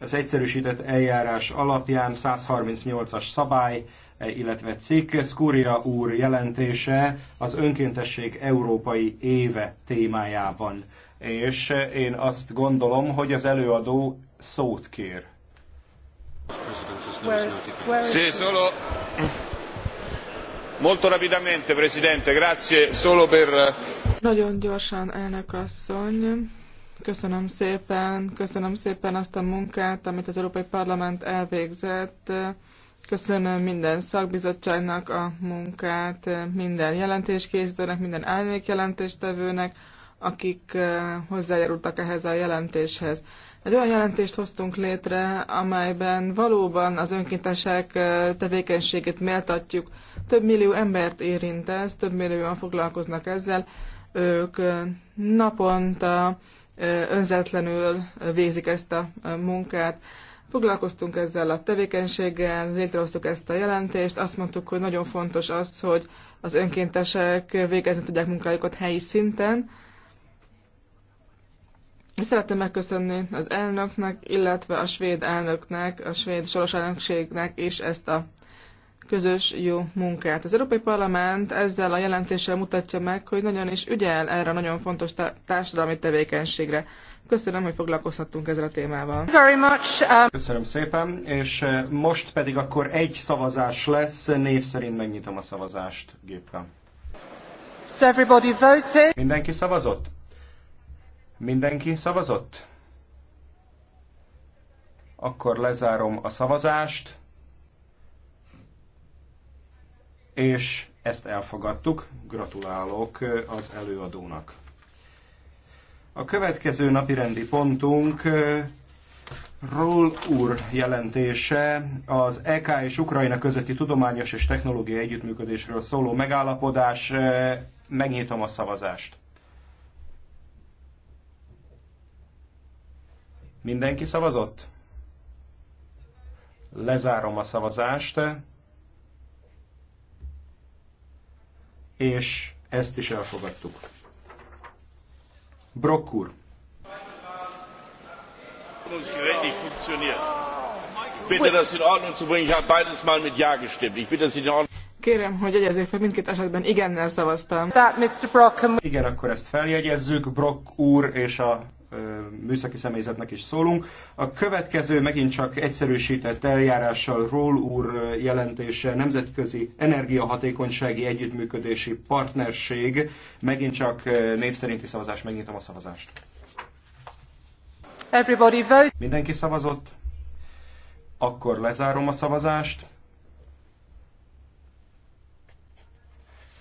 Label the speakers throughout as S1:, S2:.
S1: az egyszerűsített eljárás alapján 138-as szabály, illetve cikk, Skúria úr jelentése az önkéntesség európai éve témájában. És én azt gondolom, hogy az előadó szót kér. Sì, solo molto rapidamente, Presidente, grazie solo per...
S2: Nagyon gyorsan, elnök asszony Köszönöm szépen, köszönöm szépen azt a munkát, amit az Európai Parlament elvégzett. Köszönöm minden szakbizottságnak a munkát, minden jelentéskészítőnek, minden árnyékjelentéstevőnek, akik eh, hozzájárultak ehhez a jelentéshez. Egy olyan jelentést hoztunk létre, amelyben valóban az önkéntesek eh, tevékenységét méltatjuk. Több millió embert érint ez, több millióan foglalkoznak ezzel. Ők eh, naponta önzetlenül végzik ezt a munkát. Foglalkoztunk ezzel a tevékenységgel, létrehoztuk ezt a jelentést, azt mondtuk, hogy nagyon fontos az, hogy az önkéntesek végezni tudják munkájukat helyi szinten. Szeretném megköszönni az elnöknek, illetve a svéd elnöknek, a svéd soros elnökségnek is ezt a közös jó munkát. Az Európai Parlament ezzel a jelentéssel mutatja meg, hogy nagyon is ügyel erre a nagyon fontos társadalmi tevékenységre. Köszönöm, hogy foglalkozhattunk ezzel a témával.
S1: Very much, um... Köszönöm szépen, és eh, most pedig akkor egy szavazás lesz, név szerint megnyitom a szavazást gépre. So everybody voted. Mindenki szavazott? Mindenki szavazott? Akkor lezárom a szavazást. és ezt elfogadtuk. Gratulálok az előadónak. A következő napi rendi pontunk Roll úr jelentése az EK és Ukrajna közötti tudományos és technológiai együttműködésről szóló megállapodás. Megnyitom a szavazást. Mindenki szavazott? Lezárom a szavazást. és ezt is elfogadtuk. Brokkur. Kérem, hogy jegyezzék fel, mindkét esetben igennel szavaztam. Mr. Igen, akkor ezt feljegyezzük. Brock úr és a műszaki személyzetnek is szólunk. A következő megint csak egyszerűsített eljárással Ról úr jelentése Nemzetközi Energiahatékonysági Együttműködési Partnerség. Megint csak név szerinti szavazás, megnyitom a szavazást. Everybody vote. Mindenki szavazott? Akkor lezárom a szavazást.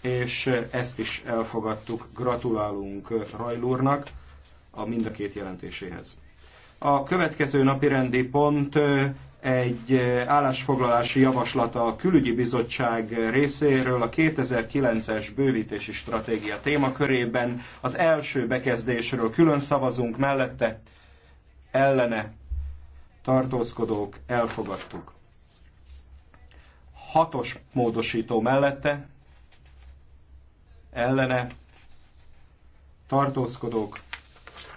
S1: És ezt is elfogadtuk. Gratulálunk Rajlúrnak a mind a két jelentéséhez. A következő napi rendi pont egy állásfoglalási javaslat a külügyi bizottság részéről a 2009-es bővítési stratégia témakörében. Az első bekezdésről külön szavazunk mellette, ellene tartózkodók elfogadtuk. Hatos módosító mellette, ellene tartózkodók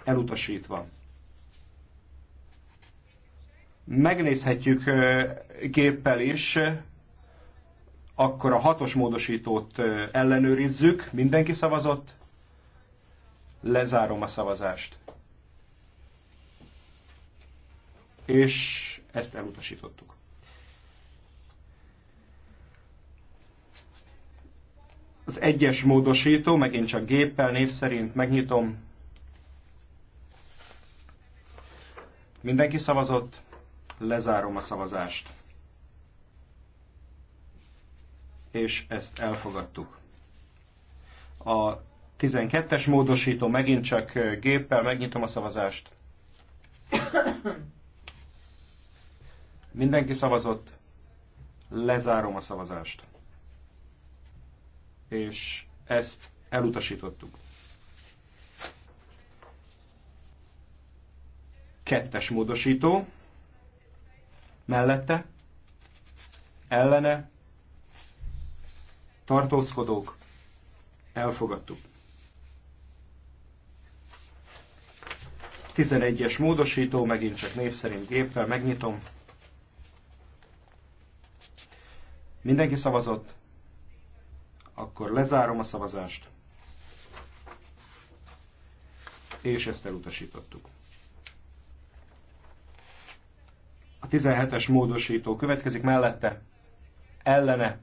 S1: elutasítva. Megnézhetjük géppel is, akkor a hatos módosítót ellenőrizzük. Mindenki szavazott? Lezárom a szavazást. És ezt elutasítottuk. Az egyes módosító, megint csak géppel, név szerint megnyitom, Mindenki szavazott, lezárom a szavazást. És ezt elfogadtuk. A 12-es módosító, megint csak géppel megnyitom a szavazást. Mindenki szavazott, lezárom a szavazást. És ezt elutasítottuk. Kettes módosító. Mellette. Ellene. Tartózkodók. Elfogadtuk. 11-es módosító, megint csak név szerint géppel megnyitom. Mindenki szavazott? Akkor lezárom a szavazást. És ezt elutasítottuk. A 17-es módosító következik mellette, ellene,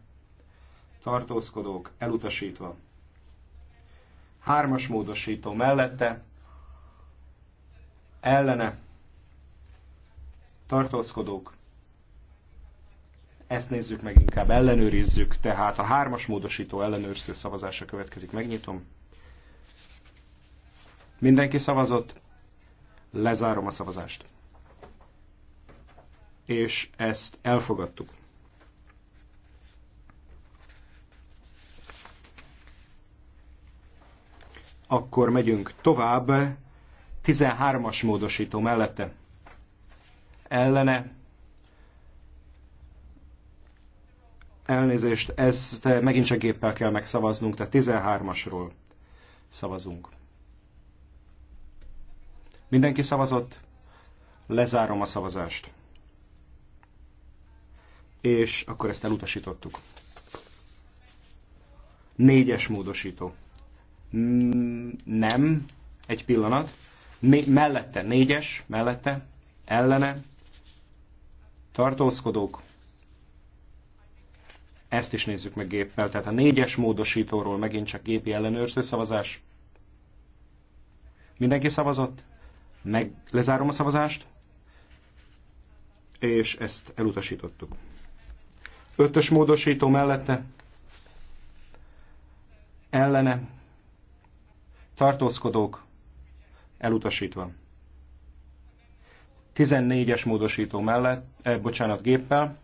S1: tartózkodók elutasítva. Hármas módosító mellette, ellene, tartózkodók. Ezt nézzük meg inkább, ellenőrizzük. Tehát a hármas módosító ellenőrző szavazása következik. Megnyitom. Mindenki szavazott. Lezárom a szavazást és ezt elfogadtuk. Akkor megyünk tovább. 13-as módosító mellette. Ellene. Elnézést, ezt megint csak géppel kell megszavaznunk, tehát 13-asról szavazunk. Mindenki szavazott? Lezárom a szavazást és akkor ezt elutasítottuk. Négyes módosító. Nem, egy pillanat. Né- mellette, négyes, mellette, ellene, tartózkodók. Ezt is nézzük meg géppel. Tehát a négyes módosítóról megint csak gépi ellenőrző szavazás. Mindenki szavazott? Meg lezárom a szavazást, és ezt elutasítottuk. Ötös módosító mellette ellene tartózkodók elutasítva. 14-es módosító mellett, eh, bocsánat, géppel.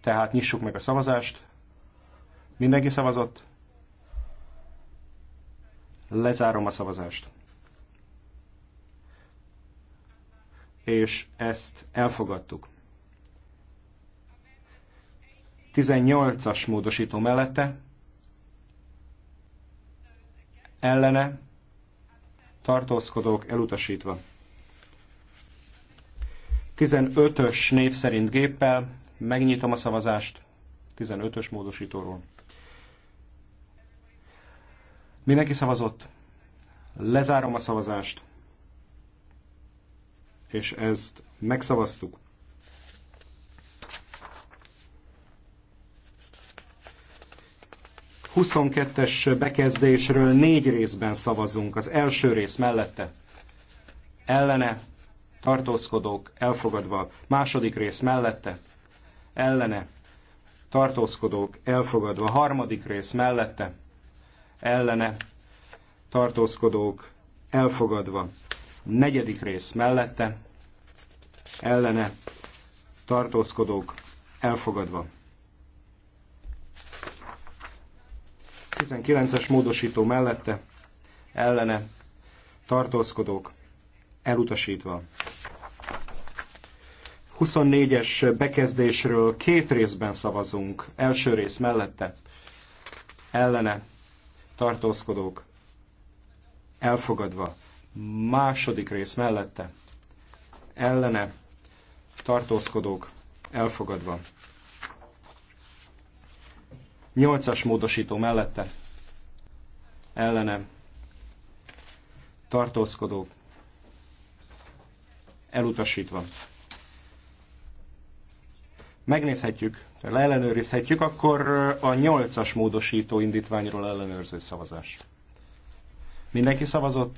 S1: Tehát nyissuk meg a szavazást. Mindenki szavazott? Lezárom a szavazást. És ezt elfogadtuk. 18-as módosító mellette, ellene, tartózkodók elutasítva. 15-ös név szerint géppel megnyitom a szavazást 15-ös módosítóról. Mindenki szavazott? Lezárom a szavazást, és ezt megszavaztuk. 22-es bekezdésről négy részben szavazunk. Az első rész mellette ellene tartózkodók elfogadva. Második rész mellette ellene tartózkodók elfogadva. Harmadik rész mellette ellene tartózkodók elfogadva. Negyedik rész mellette ellene tartózkodók elfogadva. 19-es módosító mellette ellene tartózkodók elutasítva. 24-es bekezdésről két részben szavazunk. Első rész mellette ellene tartózkodók elfogadva. Második rész mellette ellene tartózkodók elfogadva. 8-as módosító mellette ellenem tartózkodók elutasítva. Megnézhetjük, leellenőrizhetjük, akkor a 8-as módosító indítványról ellenőrző szavazás. Mindenki szavazott?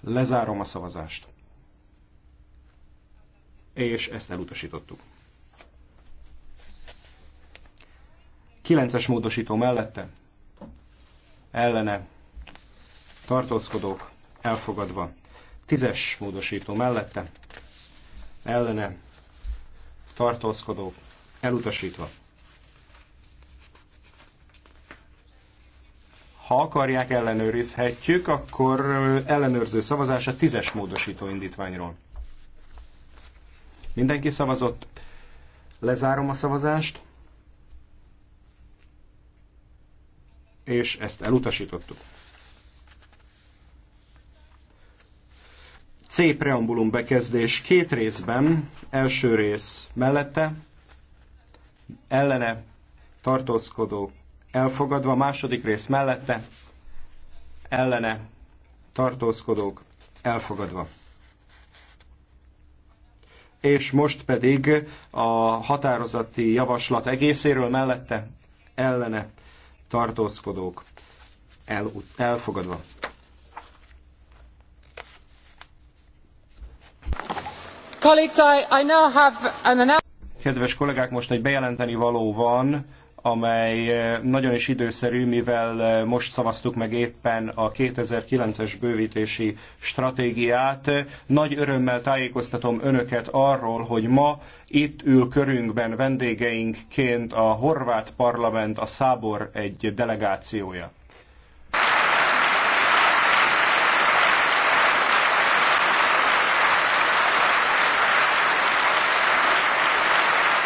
S1: Lezárom a szavazást. És ezt elutasítottuk. 9-es módosító mellette ellene tartózkodók elfogadva. 10-es módosító mellette ellene tartózkodók elutasítva. Ha akarják, ellenőrizhetjük, akkor ellenőrző szavazás a tízes módosító indítványról. Mindenki szavazott. Lezárom a szavazást. és ezt elutasítottuk. C preambulum bekezdés két részben, első rész mellette, ellene tartózkodó elfogadva, második rész mellette, ellene tartózkodók elfogadva. És most pedig a határozati javaslat egészéről mellette ellene tartózkodók el, elfogadva. Kedves kollégák, most egy bejelenteni való van amely eh, nagyon is időszerű, mivel eh, most szavaztuk meg éppen a 2009-es bővítési stratégiát. Nagy örömmel tájékoztatom önöket arról, hogy ma itt ül körünkben vendégeinkként a horvát parlament, a Szábor egy delegációja.